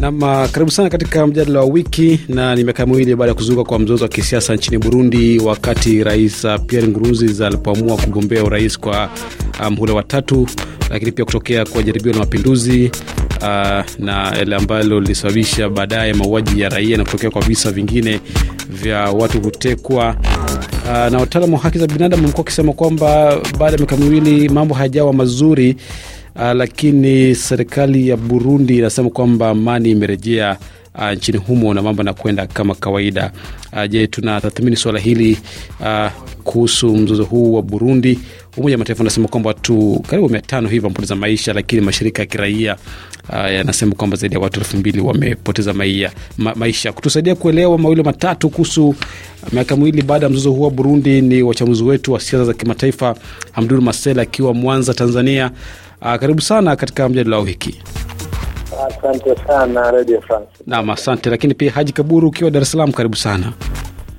Nam, uh, karibu sana katika mjadala wa wiki. Na ni miaka miwili baada ya kuzuka kwa mzozo wa kisiasa nchini Burundi, wakati rais uh, Pierre Nkurunziza alipoamua kugombea urais kwa uh, mhula um, wa tatu, lakini pia kutokea kwa jaribio la mapinduzi uh, na ile ambalo lilisababisha baadaye mauaji ya raia na kutokea kwa visa vingine vya watu kutekwa. Uh, na wataalamu wa haki za binadamu wamekuwa wakisema kwamba baada ya miaka miwili mambo hayajawa mazuri, uh, lakini serikali ya Burundi inasema kwamba amani imerejea uh, nchini humo na mambo yanakwenda kama kawaida. Uh, je, tunatathmini suala hili uh, kuhusu mzozo huu wa Burundi Umoja wa Mataifa unasema kwamba watu karibu mia tano hivi wamepoteza maisha, lakini mashirika ya kiraia uh, yanasema kwamba zaidi ya watu elfu mbili wamepoteza maia, ma, maisha. Kutusaidia kuelewa mawili matatu kuhusu miaka miwili baada ya mzozo huu wa Burundi ni wachambuzi wetu wa siasa za kimataifa Hamdul Masel akiwa Mwanza, Tanzania. Uh, karibu sana katika mjadala wa wiki. Asante sana Radio France. Naam, asante. Lakini pia Haji Kaburu ukiwa Dar es Salaam, karibu sana.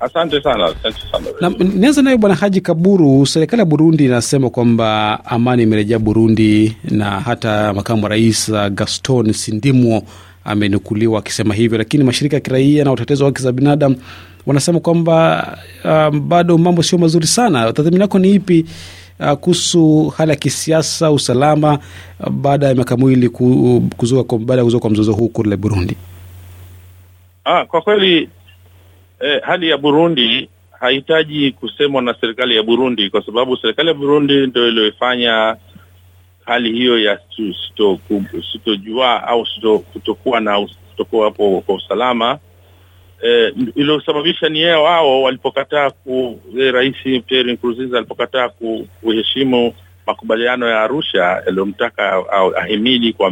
Asante sana, asante sana. Na, nianza nayo Bwana Haji Kaburu, serikali ya Burundi inasema kwamba amani imerejea Burundi na hata makamu wa rais uh, Gaston Sindimwo amenukuliwa akisema hivyo, lakini mashirika ya kiraia na watetezi wa haki za binadamu wanasema kwamba uh, bado mambo sio mazuri sana. Tathmini yako ni ipi uh, kuhusu hali ya kisiasa, usalama uh, baada ya miaka miwili ku, baada ya kuzuka kwa mzozo huu kule Burundi? Ah, kwa kweli eh, hali ya Burundi hahitaji kusemwa na serikali ya Burundi kwa sababu serikali ya Burundi ndio iliyofanya hali hiyo ya sitojua au kutokuwa na kutokuwa hapo kwa usalama eh, iliyosababisha ni yeye wao walipokataa ku eh, rais Pierre Nkurunziza alipokataa kuheshimu makubaliano ya Arusha yaliyomtaka ahimili kwa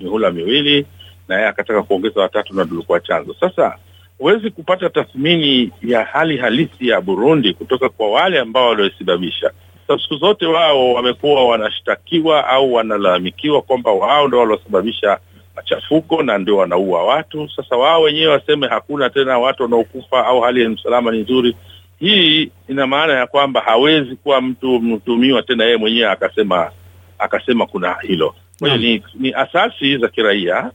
mihula miwili na yeye akataka kuongeza watatu na ndilo kwa chanzo sasa huwezi kupata tathmini ya hali halisi ya Burundi kutoka kwa wale ambao waliosababisha Siku zote wao wamekuwa wanashtakiwa au wanalalamikiwa kwamba wao ndo waliosababisha machafuko na ndio wanaua watu. Sasa wao wenyewe waseme hakuna tena watu wanaokufa au hali ya usalama ni nzuri. Hii ina maana ya kwamba hawezi kuwa mtu mtumiwa tena yeye mwenyewe akasema akasema kuna hilo. Kwa hiyo ni, ni asasi za kiraia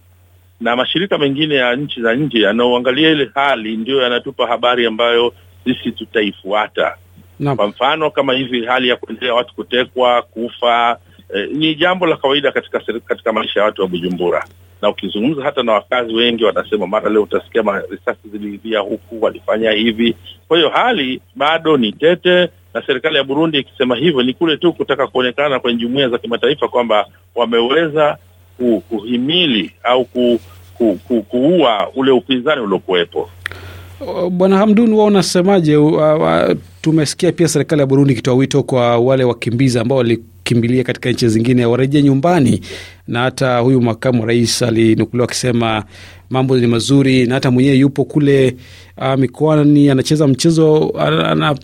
na mashirika mengine ya nchi za nje yanaoangalia ile hali ndio yanatupa habari ambayo sisi tutaifuata. No. Kwa mfano kama hivi hali ya kuendelea watu kutekwa, kufa eh, ni jambo la kawaida katika katika maisha ya watu wa Bujumbura, na ukizungumza hata na wakazi wengi wanasema mara leo utasikia risasi ziliivia huku, walifanya hivi. Kwa hiyo hali bado ni tete, na serikali ya Burundi ikisema hivyo ni kule tu kutaka kuonekana kwenye jumuiya za kimataifa kwamba wameweza ku, kuhimili au ku, ku, ku, kuua ule upinzani uliokuwepo. Bwana Hamdun, wao unasemaje? Tumesikia pia serikali ya Burundi ikitoa wito kwa wale wakimbizi ambao walikimbilia katika nchi zingine warejee nyumbani, na hata huyu makamu rais alinukuliwa akisema mambo ni mazuri, na hata mwenyewe yupo kule uh, mikoani anacheza mchezo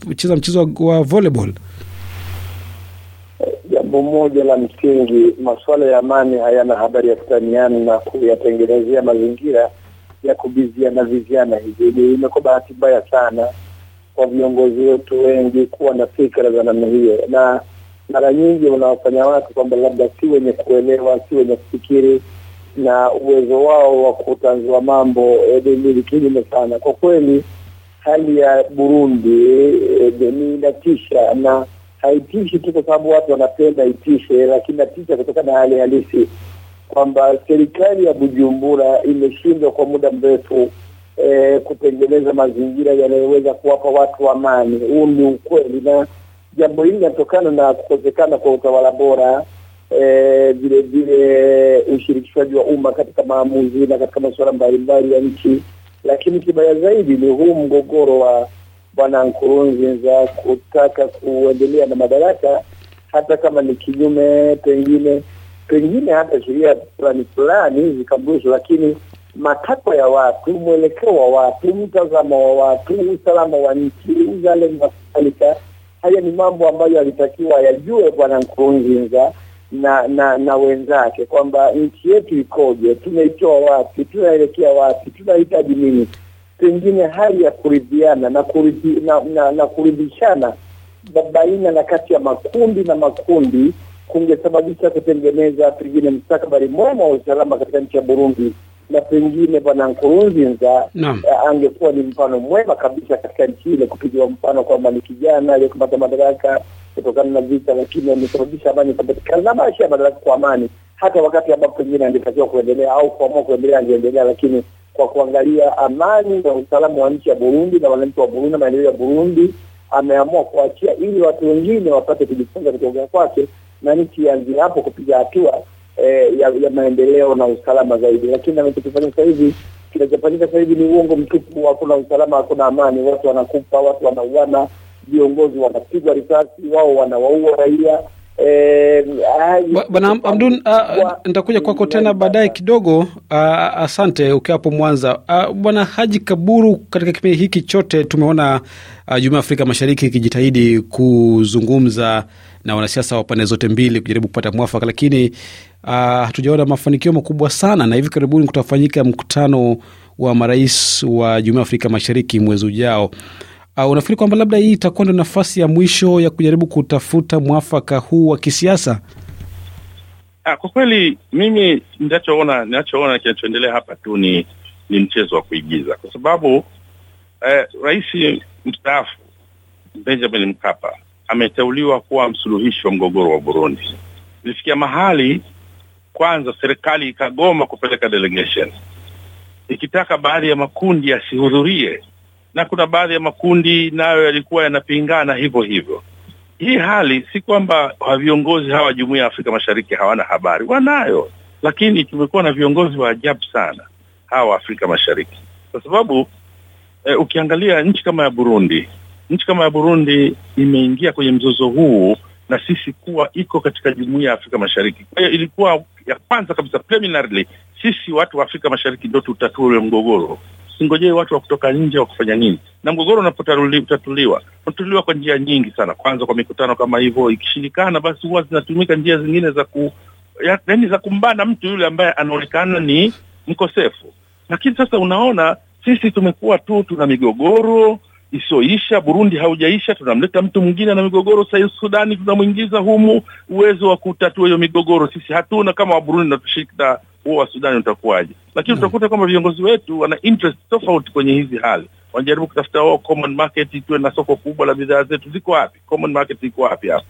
anacheza mchezo wa volleyball jambo moja la msingi, masuala ya amani hayana habari ya kutaniana na kuyatengenezea mazingira ya kubiziana viziana hivi. Imekuwa bahati mbaya sana kwa viongozi wetu wengi kuwa na fikra za namna hiyo, na mara nyingi wanawafanya watu kwamba labda si wenye kuelewa, si wenye kufikiri na uwezo wao wa kutanzua mambo eh, ni kinyume sana. Kwa kweli, hali ya Burundi eh, ni inatisha na haitishi tu kwa sababu watu wanapenda itishe, lakini natisha kutokana na hali halisi kwamba serikali ya Bujumbura imeshindwa kwa muda mrefu e, kutengeneza mazingira yanayoweza kuwapa watu amani. Huu ni ukweli, na jambo hili linatokana na kukosekana kwa utawala bora eh, vile vile ushirikishwaji wa umma katika maamuzi na katika masuala mbalimbali ya nchi, lakini kibaya zaidi ni huu mgogoro wa bwana Nkurunziza kutaka kuendelea na madaraka, hata kama ni kinyume, pengine pengine hata sheria fulani fulani zikaburushwa, lakini matakwa ya watu, mwelekeo wa watu, mtazamo wa watu, usalama wa nchi, uzalendo na kadhalika, haya ni mambo ambayo alitakiwa yajue bwana Nkurunziza na na na wenzake kwamba nchi yetu ikoje, tunaitoa wapi, tunaelekea wapi, tunahitaji nini pengine hali ya kuridhiana na, kuridhi, na, na, na kuridhishana baina na kati ya makundi na makundi kungesababisha kutengeneza pengine mstakabali mwema wa usalama katika nchi ya Burundi na pengine Bwana Nkurunziza uh, angekuwa ni mfano mwema kabisa katika nchi ile, kupigiwa mfano kwamba ni kijana aliyekupata madaraka kutokana na vita, lakini amesababisha amani kupatikana maisha ya madaraka kwa amani, hata wakati ambapo pengine angetakiwa kuendelea au kuamua kuendelea angeendelea, lakini kwa kuangalia amani na usalama wa nchi ya Burundi na wananchi wa Burundi na maendeleo ya Burundi, ameamua kuachia ili watu wengine wapate kujifunza kutoka kwake na nchi ianzie hapo kupiga hatua eh, ya, ya maendeleo na usalama zaidi. Lakini anachokifanya sasa hivi kinachofanyika sasa hivi ni uongo mtupu. Hakuna usalama, hakuna amani, watu wanakufa, watu wanauana, viongozi wanapigwa risasi, wao wanawaua raia Eh, bwana Hamdun, ah, ah, nitakuja kwako tena baadaye kidogo. Uh, asante ukiwa hapo Mwanza. Uh, Bwana Haji Kaburu, katika kipindi hiki chote tumeona uh, Jumuiya ya Afrika Mashariki ikijitahidi kuzungumza na wanasiasa wa pande zote mbili kujaribu kupata mwafaka, lakini hatujaona uh, mafanikio makubwa sana, na hivi karibuni kutafanyika mkutano wa marais wa Jumuiya ya Afrika Mashariki mwezi ujao. Uh, unafikiri kwamba labda hii itakuwa ndio nafasi ya mwisho ya kujaribu kutafuta mwafaka huu wa kisiasa? Ah, kwa kweli mimi ninachoona ninachoona kinachoendelea hapa tu ni ni mchezo wa kuigiza kwa sababu eh, rais mstaafu Benjamin Mkapa ameteuliwa kuwa msuluhishi wa mgogoro wa Burundi. Ilifikia mahali kwanza serikali ikagoma kupeleka delegation ikitaka baadhi ya makundi yasihudhurie na kuna baadhi ya makundi nayo yalikuwa yanapingana hivyo hivyo. Hii hali si kwamba viongozi hawa jumuiya ya Afrika Mashariki hawana habari, wanayo, lakini tumekuwa na viongozi wa ajabu sana hawa Afrika Mashariki kwa sababu eh, ukiangalia nchi kama ya Burundi, nchi kama ya Burundi imeingia kwenye mzozo huu na sisi kuwa iko katika jumuiya ya Afrika Mashariki. Kwa hiyo ilikuwa ya kwanza kabisa preliminarily, sisi watu wa Afrika Mashariki tutatua tutatue mgogoro singojee watu wa kutoka nje wa kufanya nini na mgogoro unapotatuliwa unatatuliwa kwa njia nyingi sana kwanza kwa mikutano kama hivyo ikishirikana basi huwa zinatumika njia zingine za ku yaani za kumbana mtu yule ambaye anaonekana ni mkosefu lakini sasa unaona sisi tumekuwa tu tuna migogoro isiyoisha burundi haujaisha tunamleta mtu mwingine na migogoro sahii sudani tunamwingiza humu uwezo wa kutatua hiyo migogoro sisi hatuna kama waburundi na huo wa Sudani utakuwaje, lakini mm. utakuta kwamba viongozi wetu wana interest tofauti kwenye hizi hali wanajaribu kutafuta wao oh, common market, tuwe na soko kubwa la bidhaa zetu. Ziko wapi common market? Iko wapi hapa?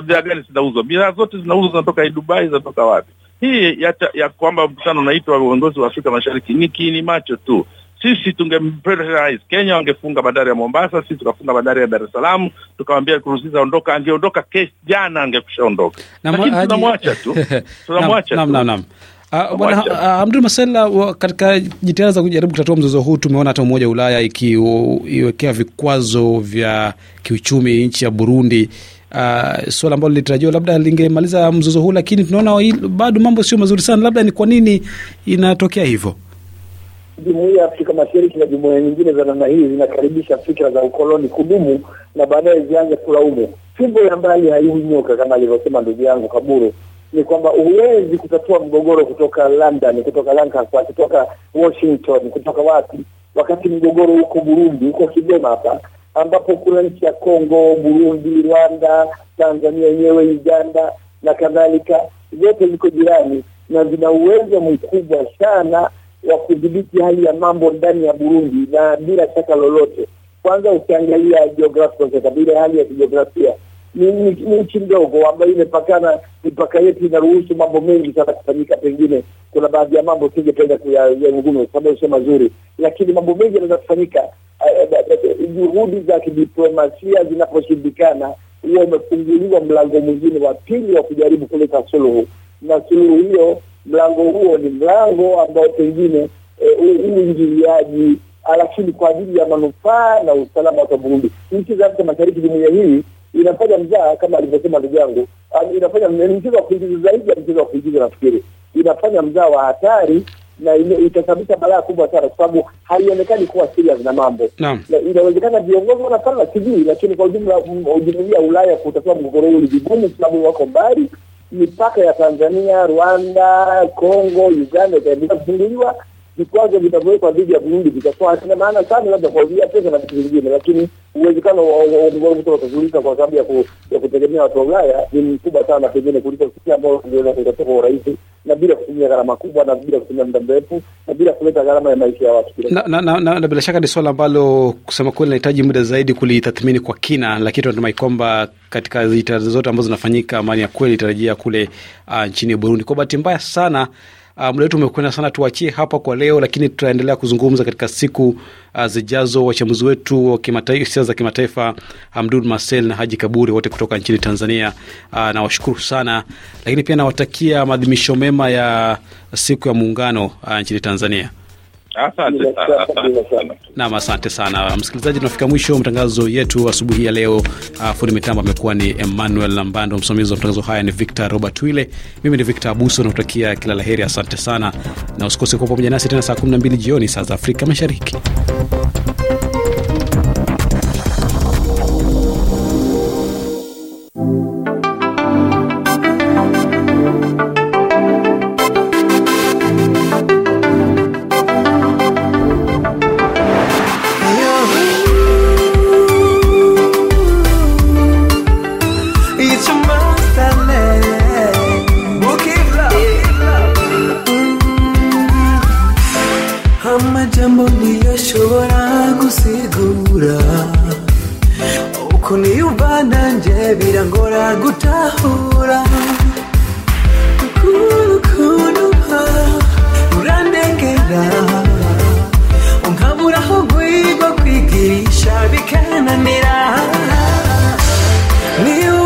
Bidhaa gani zinauzwa? Bidhaa zote zinauzwa zinatoka Dubai, zinatoka wapi? Hii ya, ya kwamba mkutano unaitwa viongozi wa Afrika Mashariki ni kiini macho tu. Sisi tunge prioritize Kenya, wangefunga bandari ya Mombasa, sisi tukafunga bandari ya Dar es Salaam, tukamwambia kuruhusiwa ondoka. Angeondoka kesi jana, angekushaondoka, lakini tunamwacha tu tunamwacha tu. Uh, bwana uh, Abdul Masela, katika jitihada za kujaribu kutatua mzozo huu, tumeona hata Umoja wa Ulaya ikiwekea vikwazo vya kiuchumi nchi ya Burundi. Uh, ah, suala ambalo lilitarajiwa labda lingemaliza mzozo huu, lakini tunaona bado mambo sio mazuri sana. Labda ni kwa nini inatokea hivyo? Jumuiya ya Afrika Mashariki na jumuiya nyingine za namna hii zinakaribisha fikra za ukoloni kudumu na baadaye zianze kulaumu. Fimbo ya mbali haiui nyoka, kama alivyosema ndugu yangu Kaburu ni kwamba huwezi kutatua mgogoro kutoka London, kutoka Lancaster, kutoka Washington, kutoka wapi, wakati mgogoro huko Burundi, huko Kigoma hapa ambapo kuna nchi ya Kongo, Burundi, Rwanda, Tanzania yenyewe, Uganda na kadhalika, zote ziko jirani na zina uwezo mkubwa sana wa kudhibiti hali ya mambo ndani ya Burundi, na bila shaka lolote, kwanza ukiangalia jiografia, kabila hali ya kijiografia ni, nchi mdogo ambayo imepakana, mipaka yetu inaruhusu mambo mengi sana kufanyika. Pengine kuna baadhi ya mambo singependa kuyazungumza kwa sababu sio mazuri, lakini mambo mengi yanaweza kufanyika. Eh, eh, eh, juhudi za kidiplomasia zinaposhindikana, huwa umefunguliwa mlango mwingine wa pili wa kujaribu kuleta suluhu, na suluhu hiyo, mlango huo ni mlango ambao pengine uingiliaji, lakini kwa ajili ya manufaa na usalama wa Burundi, nchi za Afrika Mashariki, jumuiya hii inafanya mzaa kama alivyosema ndugu yangu, ah, inafanya ni mchezo wa kuigiza zaidi ya mchezo wa kuigiza. Nafikiri inafanya mzaa wa hatari na itasababisha balaa kubwa sana, kwa sababu haionekani kuwa serious na mambo. Inawezekana viongozi wanapana sijui, lakini kwa ujumla jumuiya ya Ulaya kutatua mgogoro huu ni vigumu, sababu wako mbali. Mipaka ya Tanzania, Rwanda, Kongo, Uganda itaendelea kufunguliwa vikwazo vitavyowekwa dhidi ya Burundi vitakuwa havina maana sana, labda kuwaulia pesa na vitu vingine, lakini uwezekano wa kwa sababu ya kutegemea watu wa Ulaya ni mkubwa sana, pengine kuliko sisi ambao kwa urahisi na bila kutumia gharama kubwa na bila kutumia muda mrefu na bila kuleta gharama ya maisha ya watu na, na, na, na, na bila shaka ni swala ambalo kusema kweli linahitaji muda zaidi kulitathmini kwa kina, lakini tunatumai kwamba katika jitihada zote ambazo zinafanyika amani ya kweli itarejea kule uh, nchini Burundi. Kwa bahati mbaya sana Uh, muda wetu umekwenda sana, tuachie hapa kwa leo, lakini tutaendelea kuzungumza katika siku uh, zijazo. Wachambuzi wetu wa siasa za kimataifa Hamdun Marcel na Haji Kaburi wote kutoka nchini Tanzania, uh, nawashukuru sana, lakini pia nawatakia maadhimisho mema ya siku ya Muungano uh, nchini Tanzania. Nam, asante sana. msikilizaji, tunafika mwisho matangazo yetu asubuhi ya leo. Ah, fundi mitambo amekuwa ni Emmanuel Lambando, msimamizi wa matangazo haya ni Victor Robert Wile, mimi ni Victor Abuso, nakutakia kila la heri. Asante sana na usikose kuwa pamoja nasi tena saa 12 jioni saa za Afrika Mashariki. ntashobora gusigura ukuntu iyo uvanange birangora gutahura ukuntu ukuntu uranengera unkabura aho guhigwa kwigirisha bikananira niyo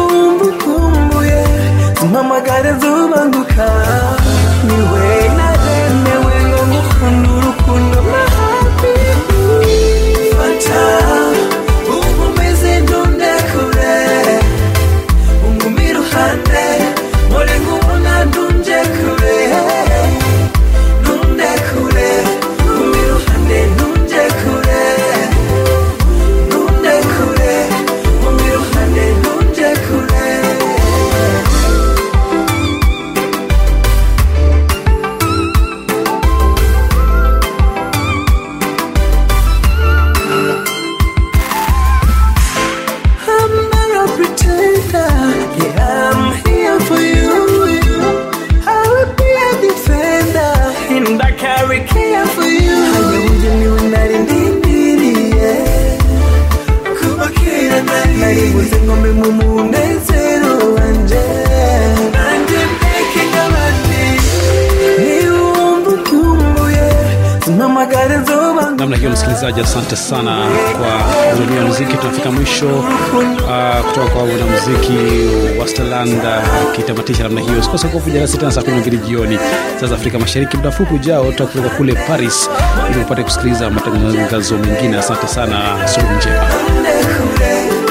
ukumbuye mpamagara zubanguka namna hiyo msikilizaji asante sana kwa kuzumia muziki tunafika mwisho uh, kutoka kwa wanamuziki wa stalanda akitamatisha namna hiyo sikose kuvuja nasi tena saa kumi na mbili jioni saa za afrika mashariki muda mfupi ujao tutakupeleka kule paris ili upate kusikiliza matangazo mengine asante sana suru njema